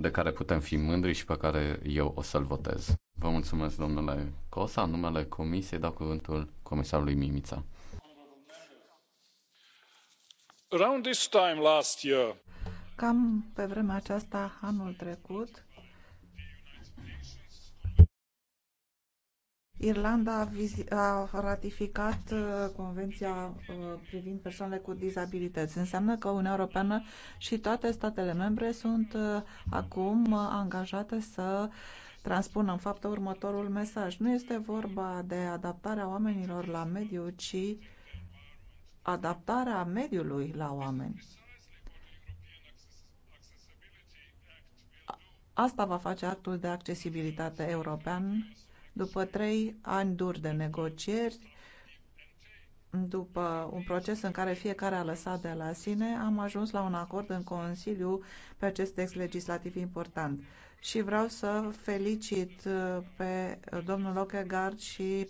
de care putem fi mândri și pe care eu o să-l votez. Vă mulțumesc, domnule Cosa, în numele Comisiei, dau cuvântul comisarului Mimița. Around this time last year. Cam pe vremea aceasta anul trecut, Irlanda a ratificat uh, Convenția uh, privind persoanele cu dizabilități. Înseamnă că Uniunea Europeană și toate statele membre sunt uh, acum angajate să transpună în fapt următorul mesaj. Nu este vorba de adaptarea oamenilor la mediu, ci adaptarea mediului la oameni. Asta va face actul de accesibilitate european după trei ani duri de negocieri, după un proces în care fiecare a lăsat de la sine, am ajuns la un acord în Consiliu pe acest text legislativ important. Și vreau să felicit uh, pe domnul Lockegaard și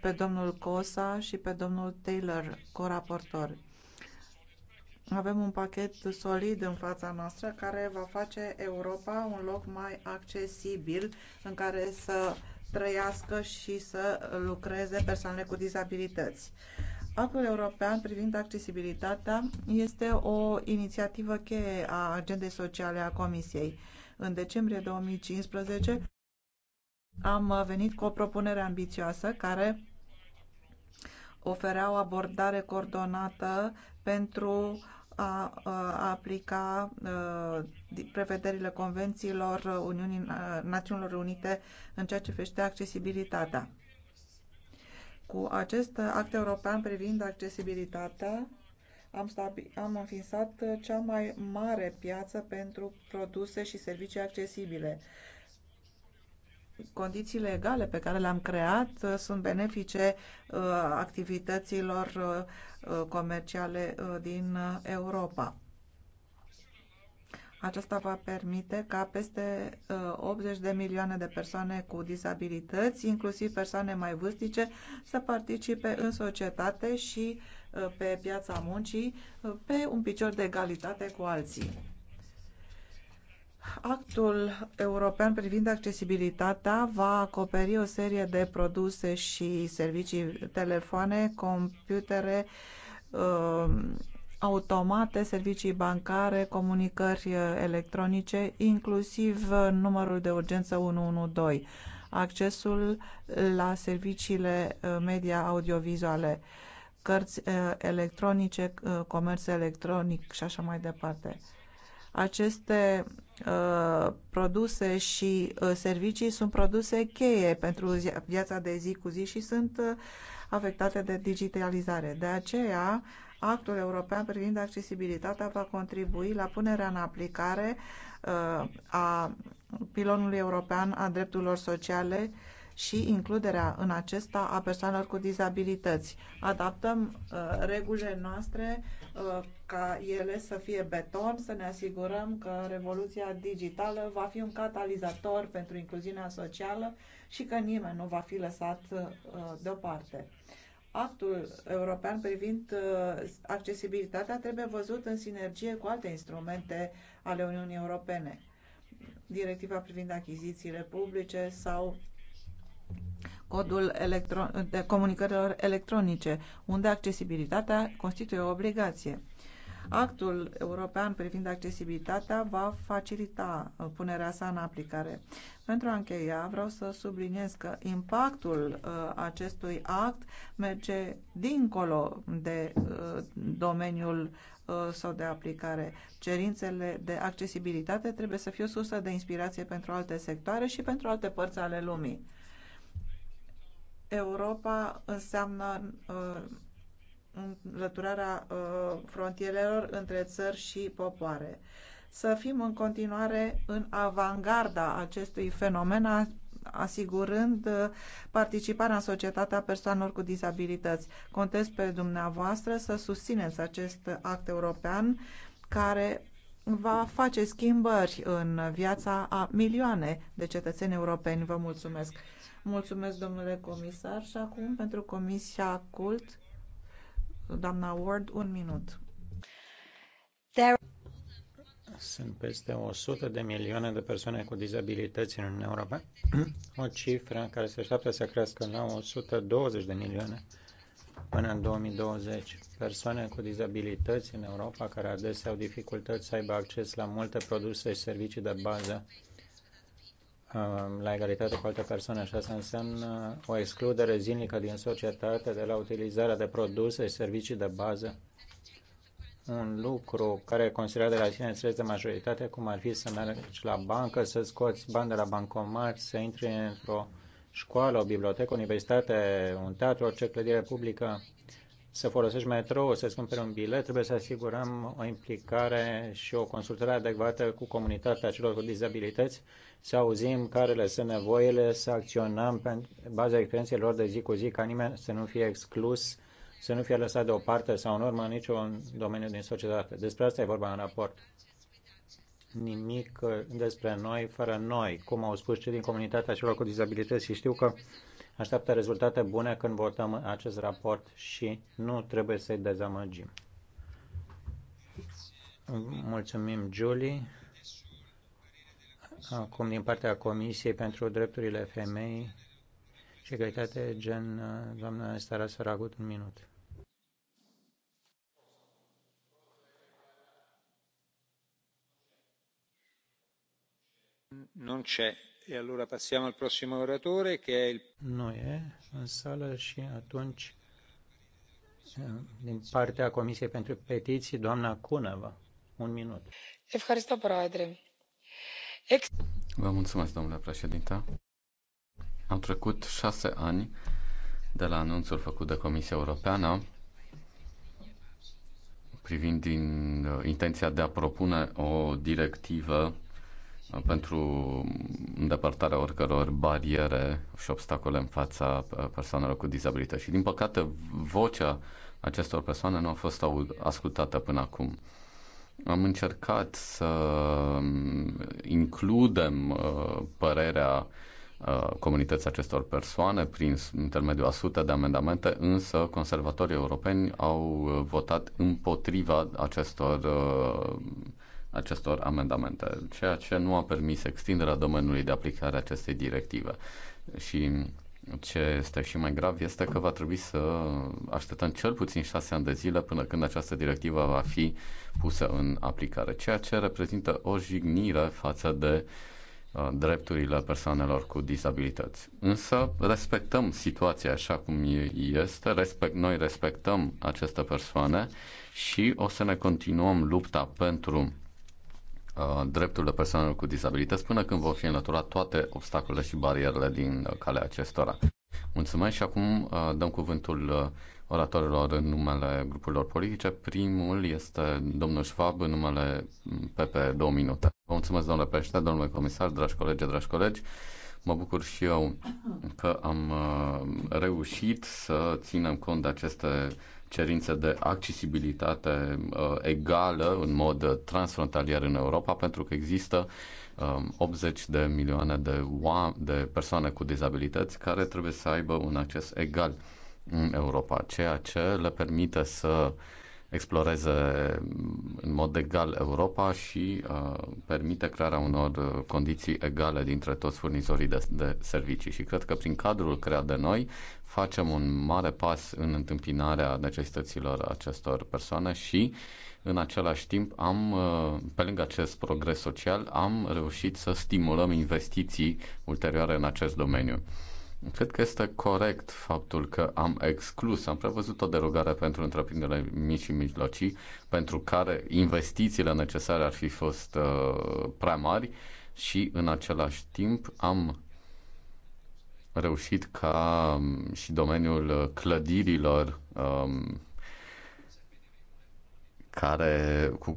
pe domnul Cosa și pe domnul Taylor, coraportor. Avem un pachet solid în fața noastră care va face Europa un loc mai accesibil în care să trăiască și să lucreze persoane cu dizabilități. Actul european privind accesibilitatea este o inițiativă cheie a agendei sociale a Comisiei. În decembrie 2015 am venit cu o propunere ambițioasă care oferea o abordare coordonată pentru a, a aplica a, prevederile convențiilor Uniunii Națiunilor Unite în ceea ce privește accesibilitatea. Cu acest act european privind accesibilitatea, am, am înființat cea mai mare piață pentru produse și servicii accesibile condițiile egale pe care le-am creat uh, sunt benefice uh, activităților uh, comerciale din Europa. Aceasta va permite ca peste 80 de milioane de persoane cu dizabilități, inclusiv persoane mai vârstice, să participe în societate și pe piața muncii pe un picior de egalitate cu alții. Actul european privind accesibilitatea va acoperi o serie de produse și servicii, telefoane, computere, um, automate, servicii bancare, comunicări uh, electronice, inclusiv uh, numărul de urgență 112, accesul la serviciile uh, media audiovizuale, cărți electronice, comerț electronic și așa mai departe. Aceste Uh, produse și uh, servicii sunt produse cheie pentru viața de zi cu zi și sunt uh, afectate de digitalizare. De aceea, actul european privind accesibilitatea va contribui la punerea în aplicare a pilonului european a drepturilor sociale și includerea în acesta a persoanelor cu dizabilități. Adaptăm uh, regulile noastre uh, ca ele să fie beton, să ne asigurăm că revoluția digitală va fi un catalizator pentru incluziunea socială și că nimeni nu va fi lăsat uh, deoparte. Actul european privind uh, accesibilitatea trebuie văzut în sinergie cu alte instrumente ale Uniunii Europene directiva privind achizițiile publice sau codul electro- de comunicărilor electronice, unde accesibilitatea constituie o obligație. Actul european privind accesibilitatea va facilita uh, punerea sa în aplicare. Pentru a încheia, vreau să subliniez că impactul uh, acestui act merge dincolo de uh, domeniul uh, sau de aplicare. Cerințele de accesibilitate trebuie să fie o sursă de inspirație pentru alte sectoare și pentru alte părți ale lumii. Europa înseamnă uh, înlăturarea uh, frontierelor între țări și popoare. Să fim în continuare în avangarda acestui fenomen, asigurând uh, participarea în societatea persoanelor cu dizabilități. Contez pe dumneavoastră să susțineți acest act european care va face schimbări în viața a milioane de cetățeni europeni. Vă mulțumesc! Mulțumesc, domnule comisar. Și acum, pentru Comisia CULT, doamna Ward, un minut. There... Sunt peste 100 de milioane de persoane cu dizabilități în Uniunea Europeană, o cifră care se așteaptă să crească la 120 de milioane până în 2020. Persoane cu dizabilități în Europa care adesea au dificultăți să aibă acces la multe produse și servicii de bază la egalitate cu alte persoane și asta înseamnă o excludere zilnică din societate de la utilizarea de produse și servicii de bază. Un lucru care considerat de la sine înțeles de majoritate, cum ar fi să mergi la bancă, să scoți bani de la bancomat, să intri într-o școală, o bibliotecă, o universitate, un teatru, orice clădire publică, să folosești metrou, să-ți cumperi un bilet, trebuie să asigurăm o implicare și o consultare adecvată cu comunitatea celor cu dizabilități, să auzim care le sunt nevoile, să acționăm pe baza experienței lor de zi cu zi, ca nimeni să nu fie exclus, să nu fie lăsat deoparte sau în urmă în niciun domeniu din societate. Despre asta e vorba în raport. Nimic despre noi fără noi, cum au spus cei din comunitatea celor cu dizabilități și știu că așteaptă rezultate bune când votăm acest raport și nu trebuie să-i dezamăgim. Mulțumim, Julie. Acum, din partea Comisiei pentru Drepturile Femei și Egalitate, gen, doamna Estara Săragut, un minut. Nu ce Allora passiamo al prossimo oratore che è il... și atunci eh, din partea Comisiei pentru Petiții, doamna Un minut. Vă mulțumesc, domnule președinte. Au trecut șase ani de la anunțul făcut de Comisia Europeană privind din eh, intenția de a propune o directivă pentru îndepărtarea oricăror bariere și obstacole în fața uh, persoanelor cu dizabilități. Și, din păcate, vocea acestor persoane nu a fost ascultată până acum. Am încercat să um, includem uh, părerea uh, comunității acestor persoane prin intermediul a sute de amendamente, însă conservatorii europeni au votat împotriva acestor uh, acestor amendamente, ceea ce nu a permis extinderea domeniului de aplicare a acestei directive. Și ce este și mai grav este că va trebui să așteptăm cel puțin șase ani de zile până când această directivă va fi pusă în aplicare, ceea ce reprezintă o jignire față de uh, drepturile persoanelor cu dizabilități. Însă respectăm situația așa cum este, respect, noi respectăm aceste persoane și o să ne continuăm lupta pentru Uh, drepturile persoanelor cu dizabilități până când vor fi înlăturate toate obstacolele și barierele din uh, calea acestora. Mulțumesc și acum uh, dăm cuvântul oratorilor în numele grupurilor politice. Primul este domnul Schwab în numele PP mm, 2 minute. Vă mulțumesc, domnule președinte, domnule comisar, dragi colegi, dragi colegi. Mă bucur și eu că am reușit să ținem cont de aceste cerință de accesibilitate uh, egală în mod transfrontalier în Europa, pentru că există 80 um, de milioane de, de persoane cu dizabilități care trebuie să aibă un acces egal în Europa, ceea ce le permite să exploreze mm, în mod egal Europa și uh, permite crearea unor condiții egale dintre toți furnizorii de, de servicii. Și cred că prin cadrul creat de noi facem un mare pas în întâmpinarea necesităților acestor persoane și în același timp am, pe lângă acest progres social, am reușit să stimulăm investiții ulterioare în acest domeniu. Cred că este corect faptul că am exclus, am prevăzut o derogare pentru întreprinderile mici și mijlocii, pentru care investițiile necesare ar fi fost uh, prea mari și în același timp am reușit ca um, și domeniul uh, clădirilor um, care cu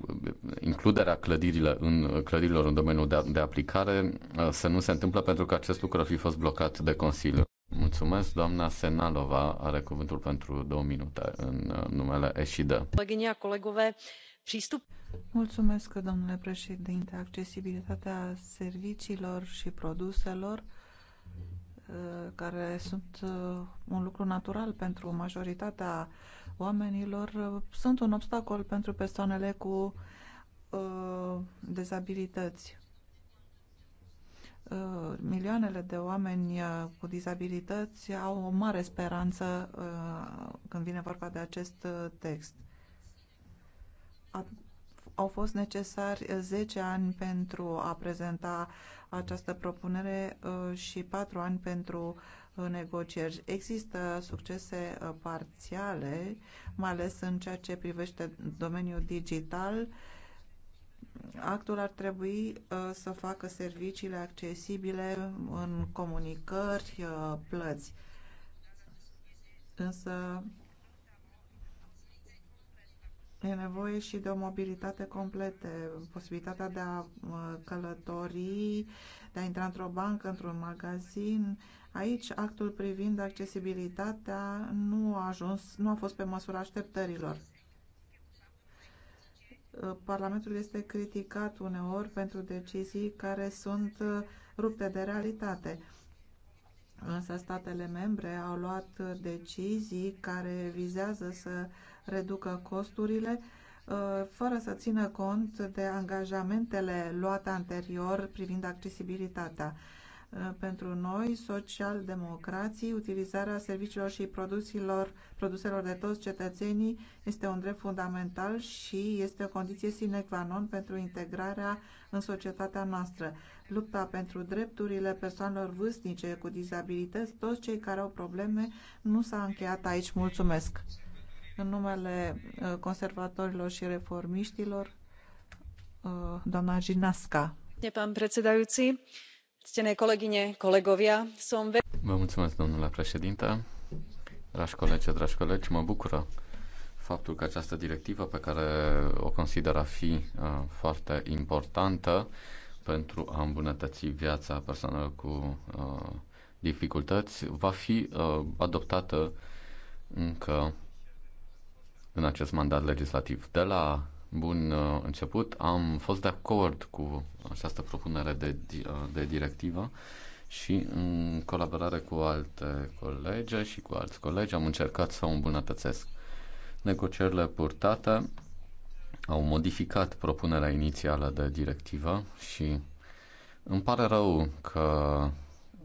includerea clădirile în, clădirilor în domeniul de, de aplicare uh, să nu se întâmple pentru că acest lucru ar fi fost blocat de Consiliu. Mulțumesc, doamna Senalova are cuvântul pentru două minute în uh, numele pristup. Mulțumesc, domnule președinte. Accesibilitatea serviciilor și produselor Uh, care sunt uh, un lucru natural pentru majoritatea oamenilor, uh, sunt un obstacol pentru persoanele cu dezabilități. Milioanele de oameni cu dizabilități au o mare speranță când vine vorba de acest text. Au fost necesari 10 ani pentru a prezenta această propunere uh, și patru ani pentru uh, negocieri. Există succese uh, parțiale, mai ales în ceea ce privește domeniul digital. Actul ar trebui să facă serviciile accesibile în comunicări, plăți. Însă E nevoie și de o mobilitate completă, posibilitatea de a uh, călători, de a intra într-o bancă, într-un magazin. Aici, actul privind accesibilitatea nu a ajuns, nu a fost pe măsura așteptărilor. Uh, Parlamentul este criticat uneori pentru decizii care sunt uh, rupte de realitate. Însă statele membre au luat decizii care vizează să reducă costurile uh, fără să țină cont de angajamentele luate anterior privind accesibilitatea. Uh, pentru noi, social-democrații, utilizarea serviciilor și produselor, produselor de toți cetățenii este un drept fundamental și este o condiție sine qua non pentru integrarea în societatea noastră. Lupta pentru drepturile persoanelor vârstnice cu dizabilități, toți cei care au probleme, nu s-a încheiat aici. Mulțumesc! În numele uh, conservatorilor și reformiștilor, uh, doamna Jinasca. Vă mulțumesc, domnule președinte. Dragi colegi, dragi colegi, mă bucură faptul că această directivă, pe care o consider a fi uh, foarte importantă pentru a îmbunătăți viața persoanelor cu dificultăți, va fi adoptată încă în acest mandat legislativ. De la bun uh, început am fost de acord cu această propunere de, uh, de directivă și în colaborare cu alte colege și cu alți colegi am încercat să o îmbunătățesc. Negocierile purtate au modificat propunerea inițială de directivă și îmi pare rău că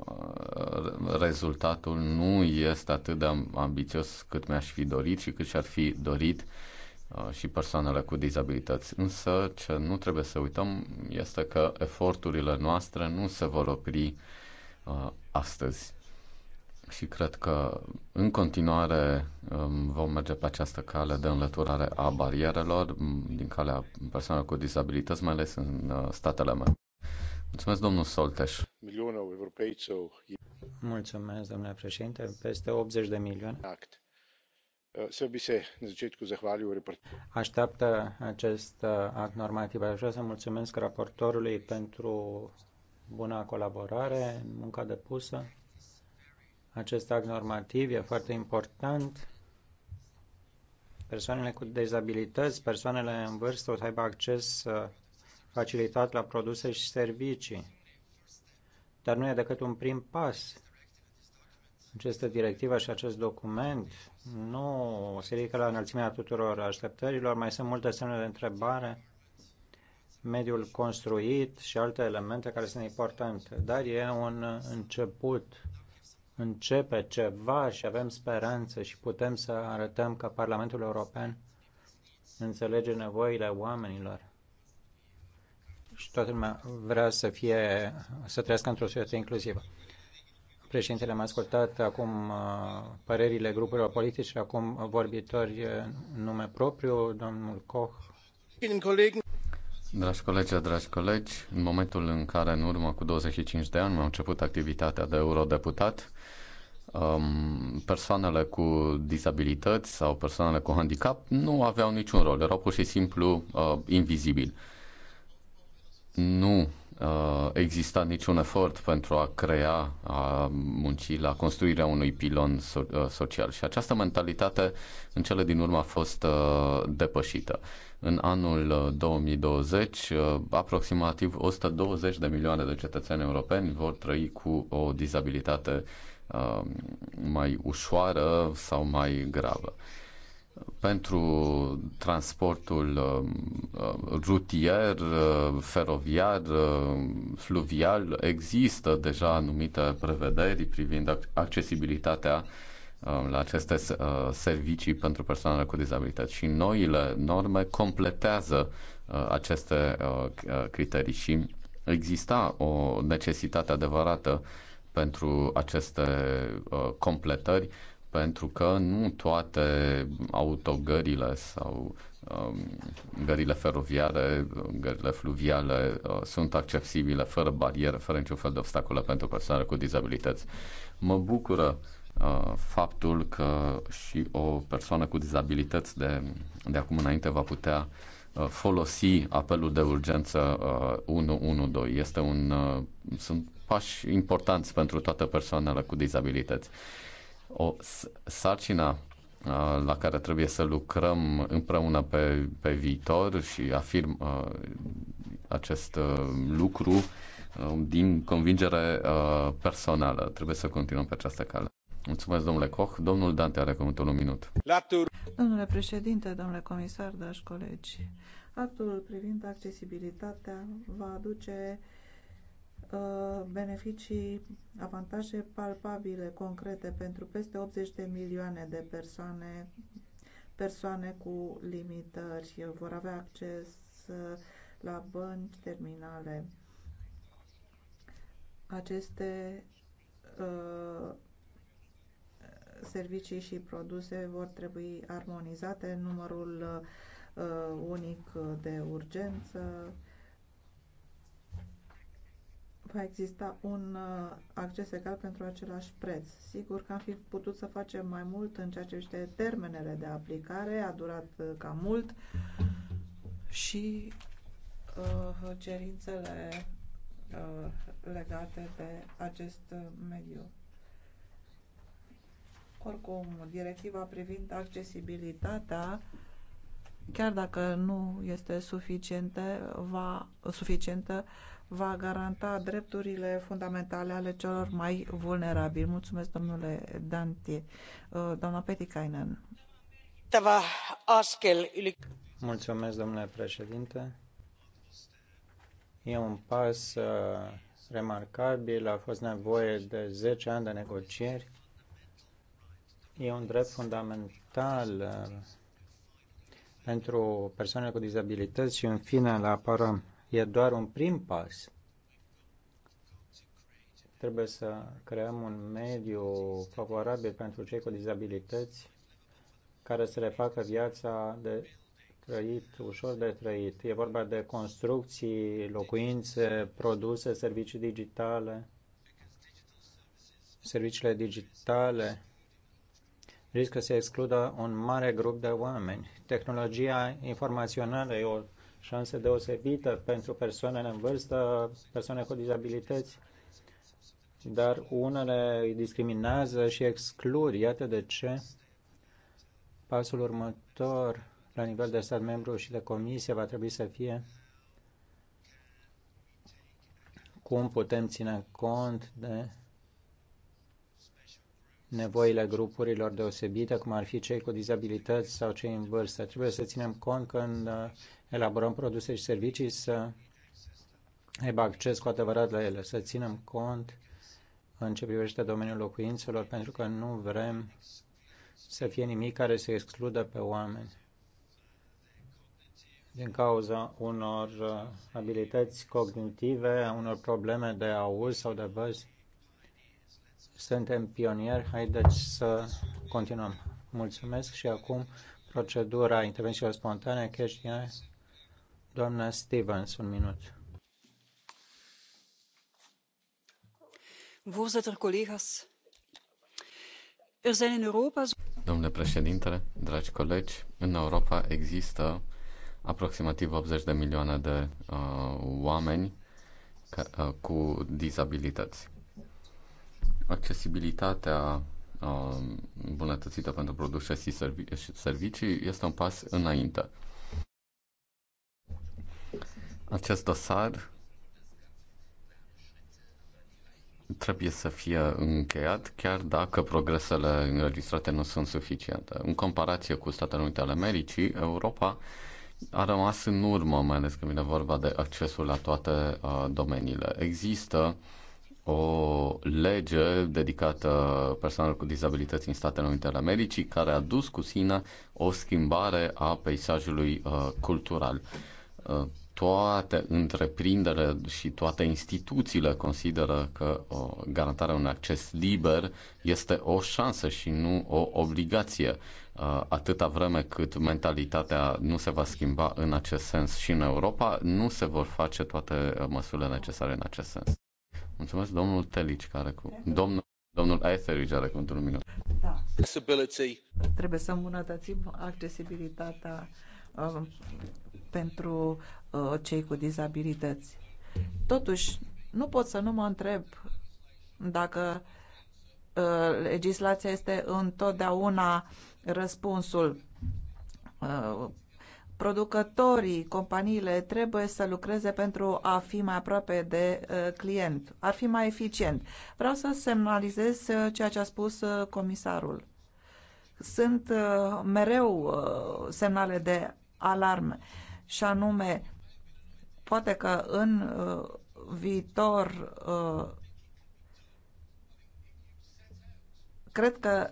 Uh, rezultatul nu este atât de ambițios cât mi-aș fi dorit și cât și-ar fi dorit uh, și persoanele cu dizabilități. Însă ce nu trebuie să uităm este că eforturile noastre nu se vor opri uh, astăzi. Și cred că în continuare um, vom merge pe această cale de înlăturare a barierelor din calea persoanelor cu dizabilități, mai ales în statele mele. Mulțumesc, domnul Solteș. Mulțumesc, domnule președinte. Peste 80 de milioane. Eh, Așteaptă acest eh, act normativ. Aș vrea să mulțumesc raportorului pentru buna colaborare, munca depusă. Acest act normativ e foarte important. Persoanele cu dezabilități, persoanele în vârstă o să aibă acces eh, facilitat la produse și servicii. Dar nu e decât un prim pas. Această directivă și acest document nu se ridică la înălțimea tuturor așteptărilor. Mai sunt multe semne de întrebare, mediul construit și alte elemente care sunt importante. Dar e un început începe ceva și avem speranță și putem să arătăm că Parlamentul European înțelege nevoile oamenilor și toată lumea vrea să fie, să trăiască într-o societate inclusivă. Președintele, am ascultat acum uh, părerile grupurilor politice, acum vorbitori nume propriu, domnul Koch. Dragi colegi, dragi colegi, în momentul în care, în urmă cu 25 de ani, am început activitatea de eurodeputat, um, persoanele cu dizabilități sau persoanele cu handicap nu aveau niciun rol, erau pur și simplu uh, invizibili nu uh, exista niciun efort pentru a crea, a munci la construirea unui pilon so- uh, social și această mentalitate în cele din urmă a fost uh, depășită. În anul 2020, aproximativ 120 de milioane de cetățeni europeni vor trăi cu o dizabilitate mai ușoară sau mai gravă pentru transportul uh, uh, rutier, uh, feroviar, fluvial, există deja anumite prevederi privind accesibilitatea la aceste servicii pentru persoanele cu dizabilități și noile norme completează aceste criterii și exista o necesitate adevărată pentru aceste completări pentru că nu toate autogările sau um, gările feroviare, gările fluviale uh, sunt accesibile fără bariere, fără niciun fel de obstacole pentru persoane cu dizabilități. Mă bucură uh, faptul că și o persoană cu dizabilități de, de acum înainte va putea uh, folosi apelul de urgență uh, 112. Este un, uh, sunt pași importanți pentru toate persoanele cu dizabilități o sarcină la care trebuie să lucrăm împreună pe, pe viitor și afirm uh, acest uh, lucru uh, din convingere uh, personală. Trebuie să continuăm pe această cale. Mulțumesc, domnule Koch. Domnul Dante are cuvântul un minut. Domnule președinte, domnule comisar, dragi colegi, actul privind accesibilitatea va aduce uh, Uh, beneficii, avantaje palpabile, concrete pentru peste 80 de milioane de persoane, persoane cu limitări, vor avea acces uh, la bănci, terminale. Aceste uh, servicii și produse vor trebui armonizate, numărul uh, unic de urgență, va exista un uh, acces egal pentru același preț. Sigur că am fi putut să facem mai mult în ceea ce este termenele de aplicare, a durat uh, cam mult și uh, cerințele uh, legate de acest uh, mediu. Oricum, directiva privind accesibilitatea chiar dacă nu este suficientă, va, suficientă, va garanta drepturile fundamentale ale celor mai vulnerabili. Mulțumesc, domnule Dante. Uh, doamna Petikainen. Mulțumesc, domnule președinte. E un pas uh, remarcabil, a fost nevoie de 10 ani de negocieri. E un drept fundamental uh, pentru persoanele cu dizabilități și, în fine, la apărăm e doar un prim pas. Trebuie să creăm un mediu favorabil pentru cei cu dizabilități care să le facă viața de trăit, ușor de trăit. E vorba de construcții, locuințe, produse, servicii digitale. Serviciile digitale riscă să excludă un mare grup de oameni. Tehnologia informațională e o șanse deosebită pentru persoanele în vârstă, persoane cu dizabilități, dar unele îi discriminează și exclud. Iată de ce pasul următor la nivel de stat membru și de comisie va trebui să fie cum putem ține cont de nevoile grupurilor deosebite, cum ar fi cei cu dizabilități sau cei în vârstă. Trebuie să ținem cont când elaborăm produse și servicii să aibă acces cu adevărat la ele, să ținem cont în ce privește domeniul locuințelor, pentru că nu vrem să fie nimic care să excludă pe oameni din cauza unor uh, abilități cognitive, unor probleme de auz sau de văz. Suntem pionieri, haideți să continuăm. Mulțumesc și acum procedura intervențiilor spontane, cash Doamna Stevens, un minut. Voorzitter, collega's. Er zijn in Europa... Domnule președinte, dragi colegi, în Europa există aproximativ 80 de milioane de uh, oameni ca, uh, cu dizabilități. Accesibilitatea uh, bunătățită pentru produse și, și servicii este un pas înainte. Acest dosar trebuie să fie încheiat, chiar dacă progresele înregistrate nu sunt suficiente. În comparație cu Statele Unite ale Americii, Europa a rămas în urmă, mai ales când vine vorba de accesul la toate uh, domeniile. Există o lege dedicată persoanelor cu dizabilități în Statele Unite ale Americii, care a dus cu sine o schimbare a peisajului uh, cultural. Uh, toate întreprinderile și toate instituțiile consideră că o garantarea unui acces liber este o șansă și nu o obligație uh, atâta vreme cât mentalitatea nu se va schimba în acest sens și în Europa, nu se vor face toate uh, măsurile necesare în acest sens. Mulțumesc, domnul Telici, care cu... Domnul, domnul Etheridge are cuvântul un minut. Da. Trebuie să îmbunătățim accesibilitatea uh, pentru uh, cei cu dizabilități. Totuși, nu pot să nu mă întreb dacă uh, legislația este întotdeauna răspunsul. Uh, producătorii, companiile trebuie să lucreze pentru a fi mai aproape de uh, client, ar fi mai eficient. Vreau să semnalizez uh, ceea ce a spus uh, comisarul. Sunt uh, mereu uh, semnale de alarme și anume poate că în uh, viitor uh, cred că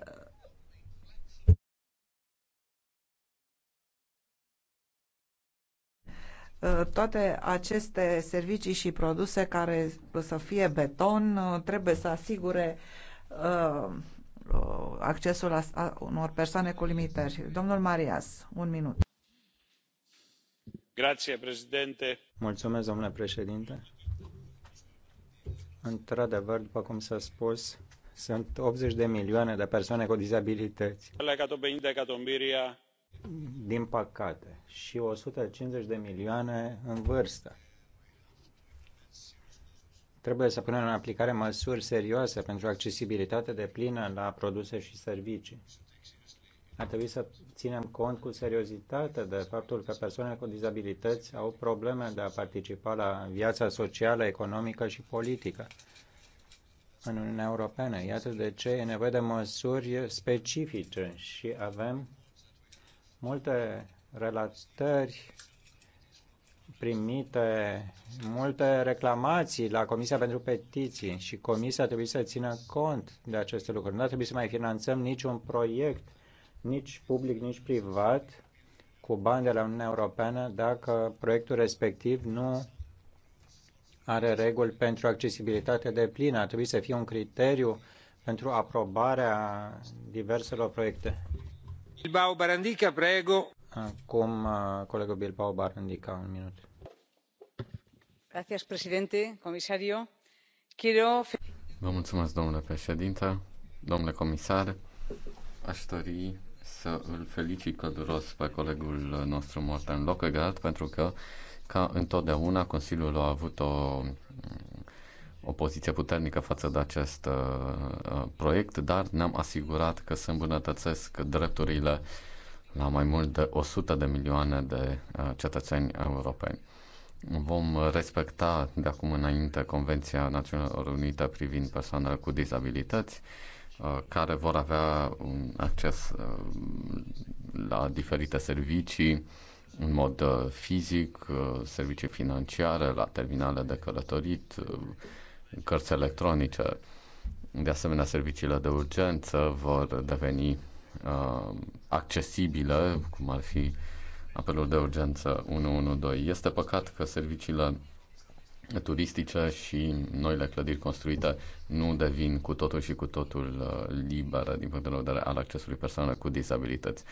uh, toate aceste servicii și produse care să fie beton trebuie să asigure accesul unor persoane cu limitări. Domnul Marias, un minut. Mulțumesc, domnule președinte. Într-adevăr, după cum s-a spus, sunt 80 de milioane de persoane cu dizabilități. Din păcate, și 150 de milioane în vârstă. Trebuie să punem în aplicare măsuri serioase pentru accesibilitate de plină la produse și servicii ar trebui să ținem cont cu seriozitate de faptul că persoanele cu dizabilități au probleme de a participa la viața socială, economică și politică în Uniunea Europeană. Iată de ce e nevoie de măsuri specifice și avem multe relatări primite, multe reclamații la Comisia pentru Petiții și Comisia trebuie să țină cont de aceste lucruri. Nu ar trebui să mai finanțăm niciun proiect nici public, nici privat, cu bani de la Uniunea Europeană, dacă proiectul respectiv nu are reguli pentru accesibilitate de plină. Ar trebui să fie un criteriu pentru aprobarea diverselor proiecte. Bilbao Barandica, prego. Acum, uh, colegul Bilbao Barandica, un minut. Gracias, presidente, comisario. Quiero... Vă mulțumesc, domnule președinte, domnule comisar. Aș dori să îl felicit călduros pe colegul nostru Morten Lockegaard pentru că, ca întotdeauna, Consiliul a avut o, o poziție puternică față de acest uh, proiect, dar ne-am asigurat că se îmbunătățesc drepturile la mai mult de 100 de milioane de uh, cetățeni europeni. Vom respecta de acum înainte Convenția Națiunilor Unite privind persoanele cu dizabilități Uh, care vor avea un acces uh, la diferite servicii în mod uh, fizic, servicii financiare, la terminale de călătorit, cărți electronice. De asemenea, serviciile de urgență vor deveni uh, accesibile, cum ar fi apelul de urgență 112. Este păcat că serviciile turistice și noile clădiri construite nu devin cu totul și cu totul uh, libere din punct de vedere al accesului persoanelor cu dizabilități.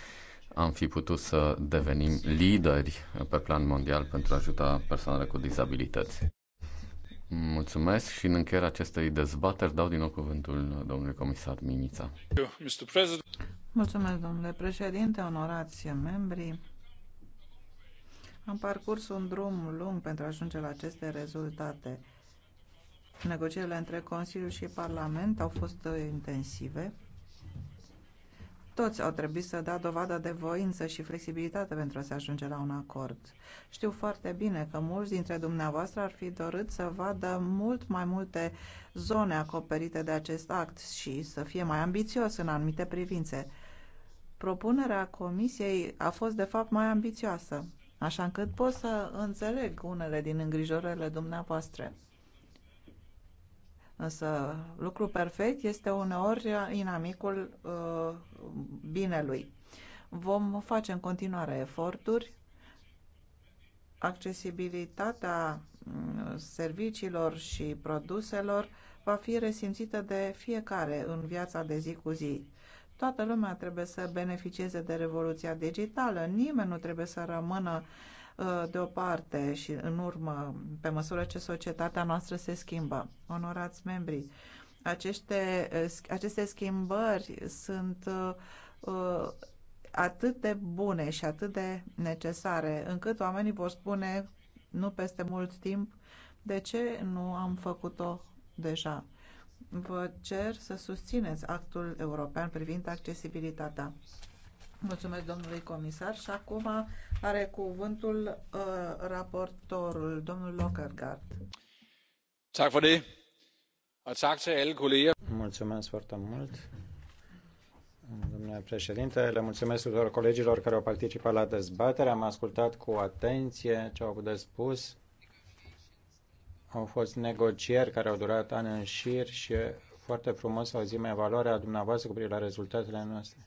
Am fi putut să devenim lideri pe plan mondial pentru a ajuta persoanele cu dizabilități. Mulțumesc și în încheierea acestei dezbateri dau din nou cuvântul domnului comisar Mimița. Mulțumesc, domnule președinte, onorați membri. Am parcurs un drum lung pentru a ajunge la aceste rezultate. Negocierile între Consiliu și Parlament au fost intensive. Toți au trebuit să dea dovadă de voință și flexibilitate pentru a se ajunge la un acord. Știu foarte bine că mulți dintre dumneavoastră ar fi dorit să vadă mult mai multe zone acoperite de acest act și să fie mai ambițios în anumite privințe. Propunerea Comisiei a fost de fapt mai ambițioasă așa încât pot să înțeleg unele din îngrijorările dumneavoastră. Însă lucru perfect este uneori inamicul uh, binelui. Vom face în continuare eforturi. Accesibilitatea mm, serviciilor și produselor va fi resimțită de fiecare în viața de zi cu zi Toată lumea trebuie să beneficieze de revoluția digitală. Nimeni nu trebuie să rămână uh, deoparte și în urmă, pe măsură ce societatea noastră se schimbă. Onorați membrii, aceste, uh, aceste schimbări sunt uh, atât de bune și atât de necesare, încât oamenii vor spune, nu peste mult timp, de ce nu am făcut-o deja vă cer să susțineți actul european privind accesibilitatea. Mulțumesc domnului comisar și acum are cuvântul uh, raportorul, domnul Lockergard. Tak for det, og tak til alle kolleger. Mulțumesc foarte mult. Domnule președinte, le mulțumesc tuturor colegilor care au participat la dezbatere. Am ascultat cu atenție ce au avut de spus au fost negocieri care au durat ani în șir și foarte frumos să auzim evaluarea dumneavoastră cu privire la rezultatele noastre.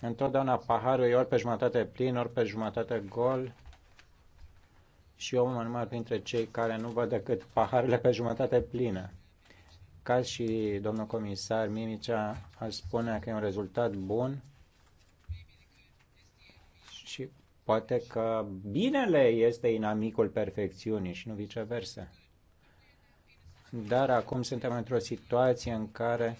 Întotdeauna paharul e ori pe jumătate plin, ori pe jumătate gol și eu mă număr printre cei care nu văd decât paharele pe jumătate pline. Ca și domnul comisar Mimicea ar spune că e un rezultat bun și Poate că binele este inamicul perfecțiunii și nu viceversa. Dar acum suntem într-o situație în care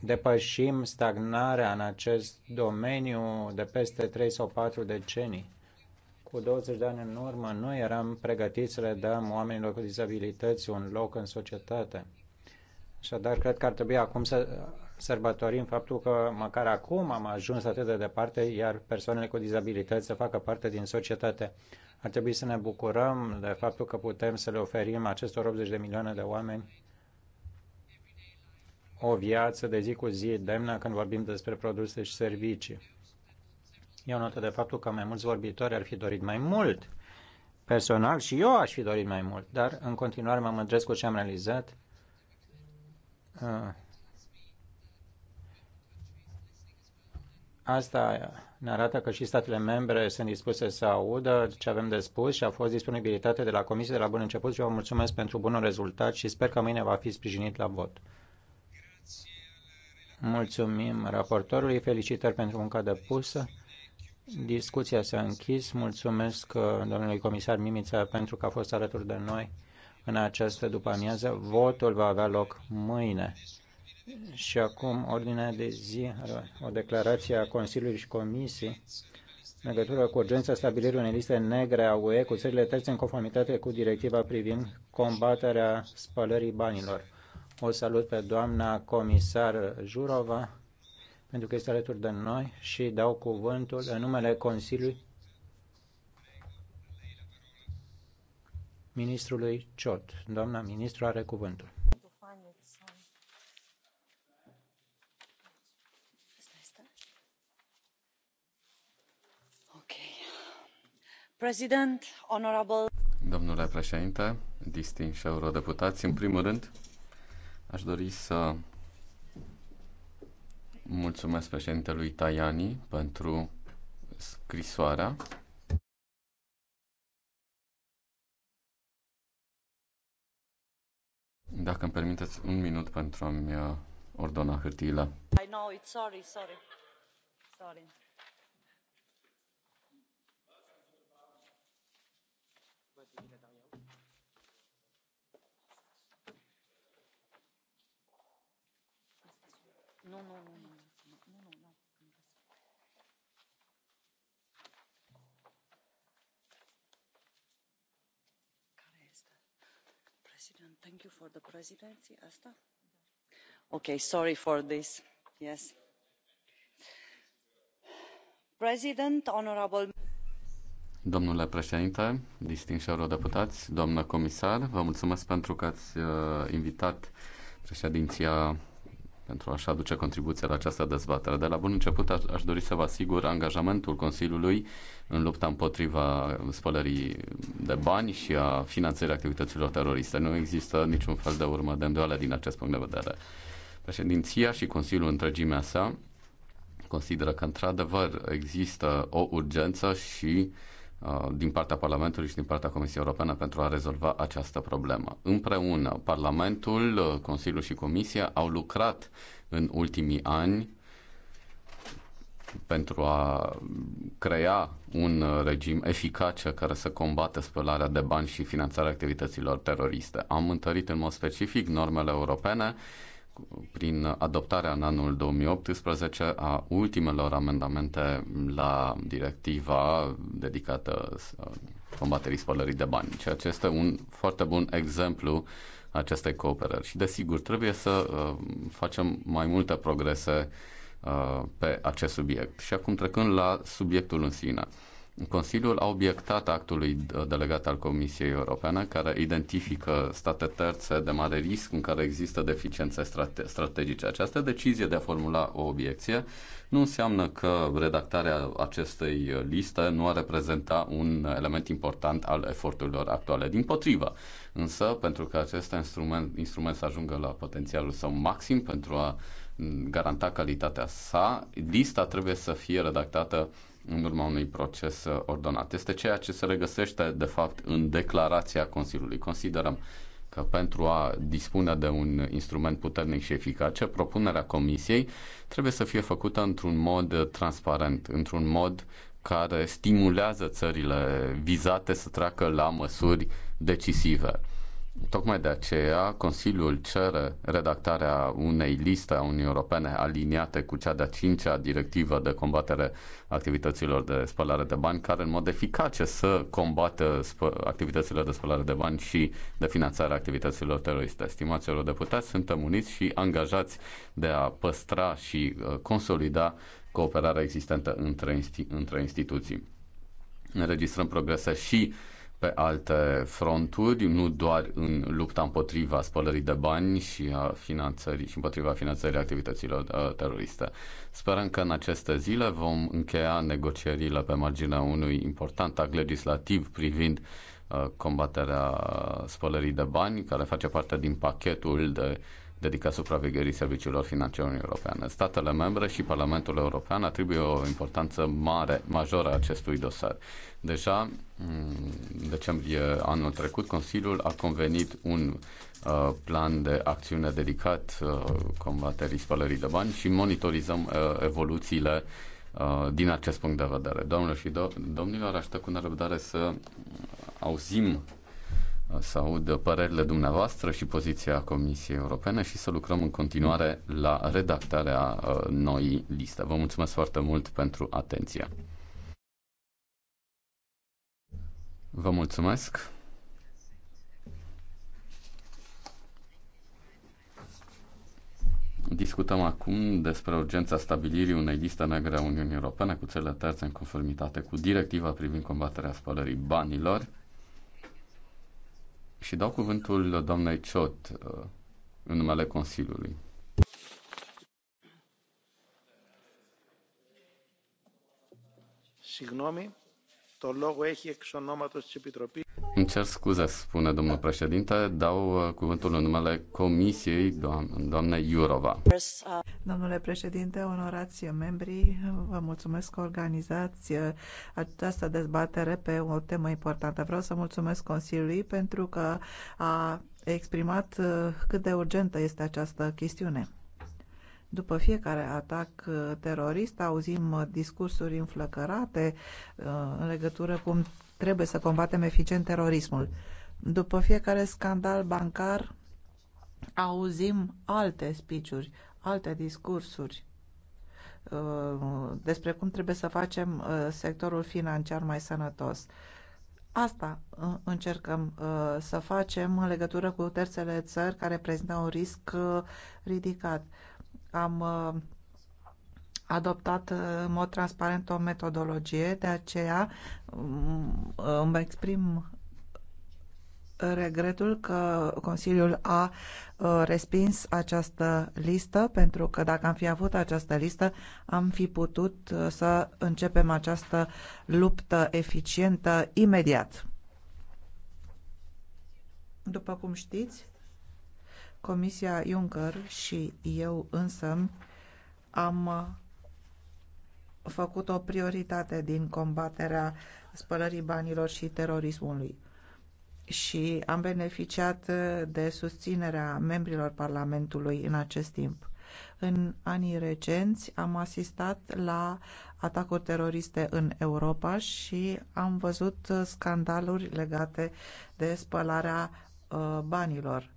depășim stagnarea în acest domeniu de peste 3 sau 4 decenii. Cu 20 de ani în urmă, noi eram pregătiți să le dăm oamenilor cu dizabilități un loc în societate. Așadar, cred că ar trebui acum să sărbătorim faptul că măcar acum am ajuns atât de departe, iar persoanele cu dizabilități să facă parte din societate. Ar trebui să ne bucurăm de faptul că putem să le oferim acestor 80 de milioane de oameni o viață de zi cu zi demnă când vorbim despre produse și servicii. Eu notă de faptul că mai mulți vorbitori ar fi dorit mai mult. Personal și eu aș fi dorit mai mult, dar în continuare mă mândresc cu ce am realizat ah. Asta ne arată că și statele membre sunt dispuse să audă ce avem de spus și a fost disponibilitate de la Comisie de la bun început și vă mulțumesc pentru bunul rezultat și sper că mâine va fi sprijinit la vot. Mulțumim raportorului, felicitări pentru munca depusă. Discuția s-a închis. Mulțumesc uh, domnului comisar Mimița pentru că a fost alături de noi în această după amiază. Votul va avea loc mâine. Și acum ordinea de zi, o declarație a Consiliului și Comisiei în legătură cu urgența stabilirii unei liste negre a UE cu țările terțe în conformitate cu directiva privind combaterea spălării banilor. O salut pe doamna comisar Jurova pentru că este alături de noi și dau cuvântul în numele Consiliului ministrului Ciot. Doamna ministru are cuvântul. Domnule președinte, distinși eurodeputați, în primul rând aș dori să mulțumesc președintelui Tajani pentru scrisoarea Dacă îmi permiteți un minut pentru a-mi uh, ordona hârtiile. I know, it's sorry, sorry. Sorry. Nu, nu, nu, nu, thank you for the presidency. Asta? Okay, sorry for this. Yes. President, honorable Domnule președinte, distinși eurodeputați, doamnă comisar, vă mulțumesc pentru că ați uh, invitat președinția pentru a-și aduce contribuția la această dezbatere. De la bun început aș dori să vă asigur angajamentul Consiliului în lupta împotriva spălării de bani și a finanțării activităților teroriste. Nu există niciun fel de urmă de îndoială din acest punct de vedere. Președinția și Consiliul întregimea sa consideră că într-adevăr există o urgență și uh, Uh, din partea Parlamentului și din partea Comisiei Europene pentru a rezolva această problemă. Împreună, Parlamentul, uh, Consiliul și Comisia au lucrat în ultimii ani pentru a crea un regim eficace care să combată spălarea de bani și finanțarea activităților teroriste. Am întărit în mod specific normele europene prin adoptarea în anul 2018 a ultimelor amendamente la directiva dedicată uh, combaterii spălării de bani, ceea ce este un foarte bun exemplu acestei cooperări. Și desigur, trebuie să uh, facem mai multe progrese uh, pe acest subiect. Și acum trecând la subiectul în sine. Consiliul a obiectat actului delegat al Comisiei Europene care identifică state terțe de mare risc în care există deficiențe strate- strategice. Această decizie de a formula o obiecție nu înseamnă că redactarea acestei liste nu ar reprezenta un element important al eforturilor actuale. Din potrivă, însă, pentru că acest instrument, instrument să ajungă la potențialul său maxim pentru a garanta calitatea sa, lista trebuie să fie redactată în urma unui proces uh, ordonat. Este ceea ce se regăsește, de fapt, în declarația Consiliului. Considerăm că pentru a dispune de un instrument puternic și eficace, propunerea Comisiei trebuie să fie făcută într-un mod transparent, într-un mod care stimulează țările vizate să treacă la măsuri decisive. Tocmai de aceea, Consiliul cere redactarea unei liste a Uniunii Europene aliniate cu cea de-a cincea directivă de combatere activităților de spălare de bani, care în mod eficace să combată activitățile de spălare de bani și de finanțarea activităților teroriste. Stimați eurodeputați, suntem uniți și angajați de a păstra și uh, consolida cooperarea existentă între, insti- între instituții. Înregistrăm progrese și uh, pe alte fronturi, nu doar în lupta împotriva spălării de bani și a finanțării și împotriva finanțării activităților uh, teroriste. Sperăm că în aceste zile vom încheia negocierile pe marginea unui important act legislativ privind uh, combaterea spălării de bani, care face parte din pachetul de uh, dedicat supravegherii serviciilor financiare în europeană. Statele membre și Parlamentul European atribuie o importanță mare, majoră acestui dosar. Deja, în mm, decembrie anul trecut, Consiliul a convenit un uh, plan de acțiune dedicat uh, combaterii spălării de bani și monitorizăm uh, evoluțiile din acest punct de vedere. Doamnelor și do- domnilor, aștept cu nerăbdare să auzim să aud părerile dumneavoastră și poziția Comisiei Europene și să lucrăm în continuare la redactarea uh, noii liste. Vă mulțumesc foarte mult pentru atenție. Vă mulțumesc. Discutăm acum despre urgența stabilirii unei liste negre a Uniunii Europene cu țările terțe în conformitate cu directiva privind combaterea spălării banilor. Și dau cuvântul doamnei Ciot uh, în numele Consiliului. Signomi. Îmi cer scuze, spune domnul președinte, dau uh, cuvântul în numele Comisiei doamne Iurova. Domnule președinte, onorați membri, vă mulțumesc că organizați uh, această dezbatere pe o temă importantă. Vreau să mulțumesc Consiliului pentru că a exprimat uh, cât de urgentă este această chestiune. După fiecare atac uh, terorist auzim uh, discursuri înflăcărate uh, în legătură cum trebuie să combatem eficient terorismul. După fiecare scandal bancar auzim alte spiciuri, alte discursuri despre cum trebuie să facem sectorul financiar mai sănătos. Asta încercăm să facem în legătură cu terțele țări care prezintă un risc ridicat am uh, adoptat uh, în mod transparent o metodologie, de aceea um, uh, îmi exprim regretul că Consiliul a respins această listă, pentru că dacă am fi avut această listă, am fi putut să începem această luptă eficientă imediat. După cum știți, Comisia Juncker și eu însă am uh, făcut o prioritate din combaterea spălării banilor și terorismului și am beneficiat uh, de susținerea membrilor Parlamentului în acest timp. În anii recenți am asistat la atacuri teroriste în Europa și am văzut uh, scandaluri legate de spălarea banilor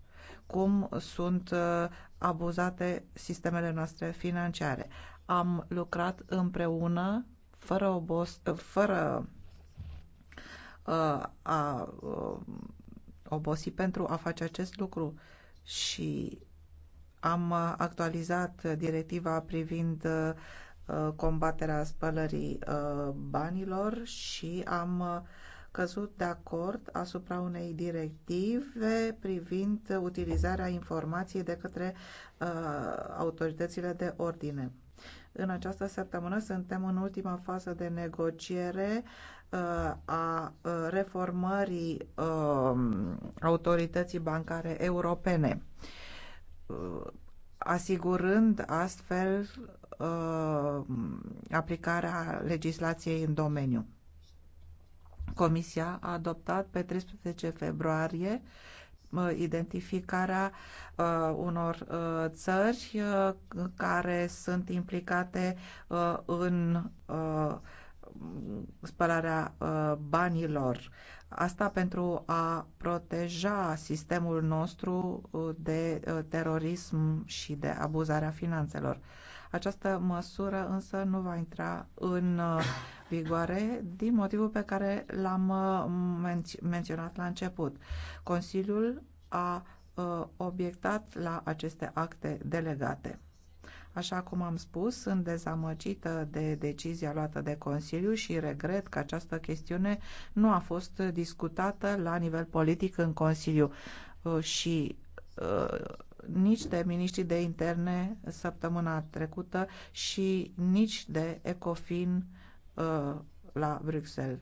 cum sunt uh, abuzate sistemele noastre financiare. Am lucrat împreună, fără, obos, fără uh, a uh, obosi pentru a face acest lucru și am actualizat directiva privind combaterea spălării banilor și am căzut de acord asupra unei directive privind utilizarea informației de către uh, autoritățile de ordine. În această săptămână suntem în ultima fază de negociere uh, a uh, reformării uh, autorității bancare europene, uh, asigurând astfel uh, aplicarea legislației în domeniu Comisia a adoptat pe 13 februarie identificarea uh, unor uh, țări uh, care sunt implicate uh, în uh, spălarea uh, banilor. Asta pentru a proteja sistemul nostru uh, de uh, terorism și de abuzarea finanțelor. Această măsură însă nu va intra în uh, vigoare din motivul pe care l-am uh, menționat la început. Consiliul a uh, obiectat la aceste acte delegate. Așa cum am spus, sunt dezamăgită de decizia luată de Consiliu și regret că această chestiune nu a fost discutată la nivel politic în Consiliu și nici de miniștrii de interne săptămâna trecută și nici de ECOFIN uh, la Bruxelles.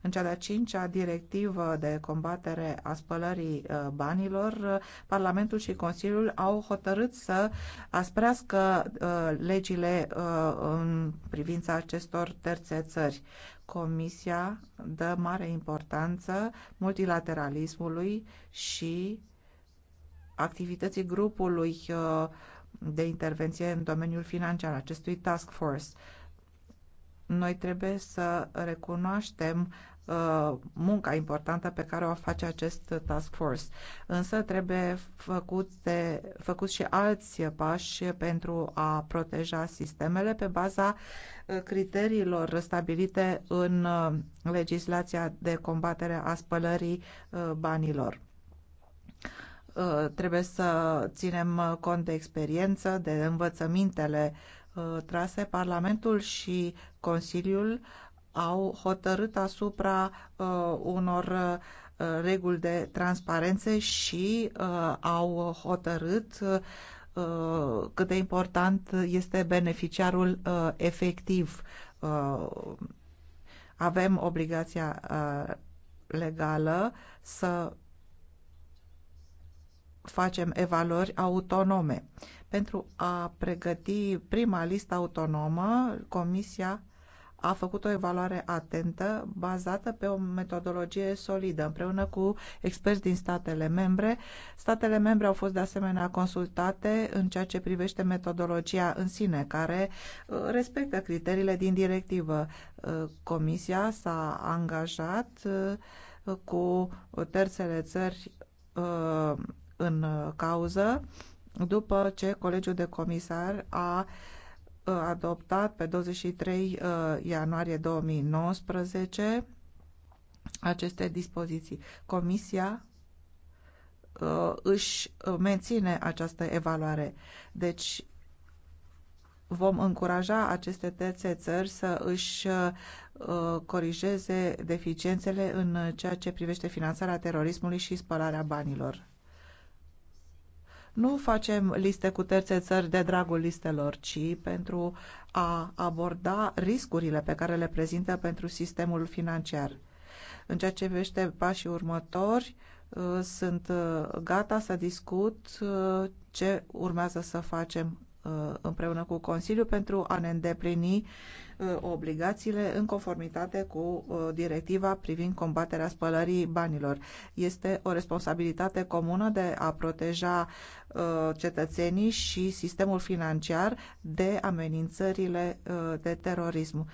În cea de-a cincea directivă de combatere a spălării uh, banilor, Parlamentul și Consiliul au hotărât să asprească uh, legile în privința acestor terțe țări. Comisia dă mare importanță multilateralismului și activității grupului uh, de intervenție în domeniul financiar, acestui task force. Noi trebuie să recunoaștem uh, munca importantă pe care o face acest task force. Însă trebuie de, făcut și alți pași pentru a proteja sistemele pe baza uh, criteriilor stabilite în legislația de combatere a spălării banilor. Uh, trebuie să ținem uh, cont de experiență, de învățămintele uh, trase. Parlamentul și Consiliul au hotărât asupra unor reguli de transparență și au hotărât cât de important este beneficiarul efectiv. Avem obligația legală să facem evaluări autonome. Pentru a pregăti prima listă autonomă, Comisia a făcut o evaluare atentă bazată pe o metodologie solidă împreună cu experți din statele membre. Statele membre au fost de asemenea consultate în ceea ce privește metodologia în sine, care uh, respectă criteriile din directivă. Uh, Comisia s-a angajat uh, cu terțele țări în uh, cauză după ce Colegiul de Comisar a uh, adoptat pe 23 uh, ianuarie 2019 aceste dispoziții. Comisia își menține această evaluare. Deci vom încuraja aceste terțe țări să își corijeze deficiențele în ceea ce privește finanțarea terorismului și spălarea banilor. Nu facem liste cu terțe țări de dragul listelor, ci pentru a aborda riscurile pe care le prezintă pentru sistemul financiar. În ceea ce vește pașii următori, uh, sunt uh, gata să discut uh, ce urmează să facem Uh, împreună cu Consiliul pentru a ne îndeplini uh, obligațiile în conformitate cu uh, directiva privind combaterea spălării banilor. Este o responsabilitate comună de a proteja cetățenii și sistemul financiar de amenințările de terorism.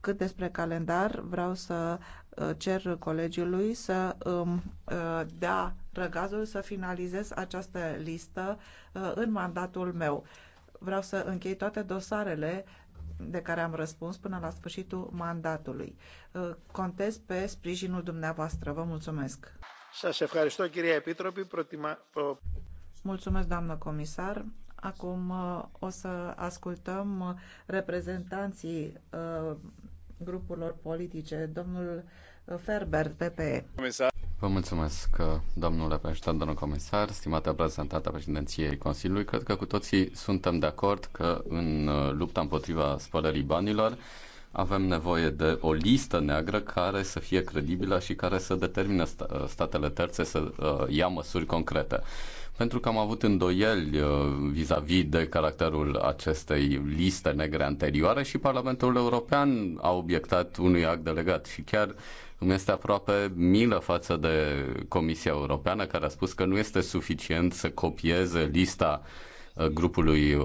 Cât despre calendar, vreau să cer colegiului să îmi um, dea răgazul să finalizez această listă în mandatul meu vreau să închei toate dosarele de care am răspuns până la sfârșitul mandatului. Uh, contez pe sprijinul dumneavoastră. Vă mulțumesc. Mulțumesc, doamnă comisar. Acum uh, o să ascultăm uh, reprezentanții grupurilor politice. Domnul Ferber, PPE. Comisar. Vă mulțumesc, domnule reprezentant, domnul comisar, stimată reprezentantă a președinției Consiliului. Cred că cu toții suntem de acord că în lupta împotriva spălării banilor, avem nevoie de o listă neagră care să fie credibilă și care să determine statele terțe să uh, ia măsuri concrete. Pentru că am avut îndoieli uh, vis-a-vis -vis de caracterul acestei liste negre anterioare și Parlamentul European a obiectat unui act delegat și chiar îmi este aproape milă față de Comisia Europeană care a spus că nu este suficient să copieze lista uh, grupului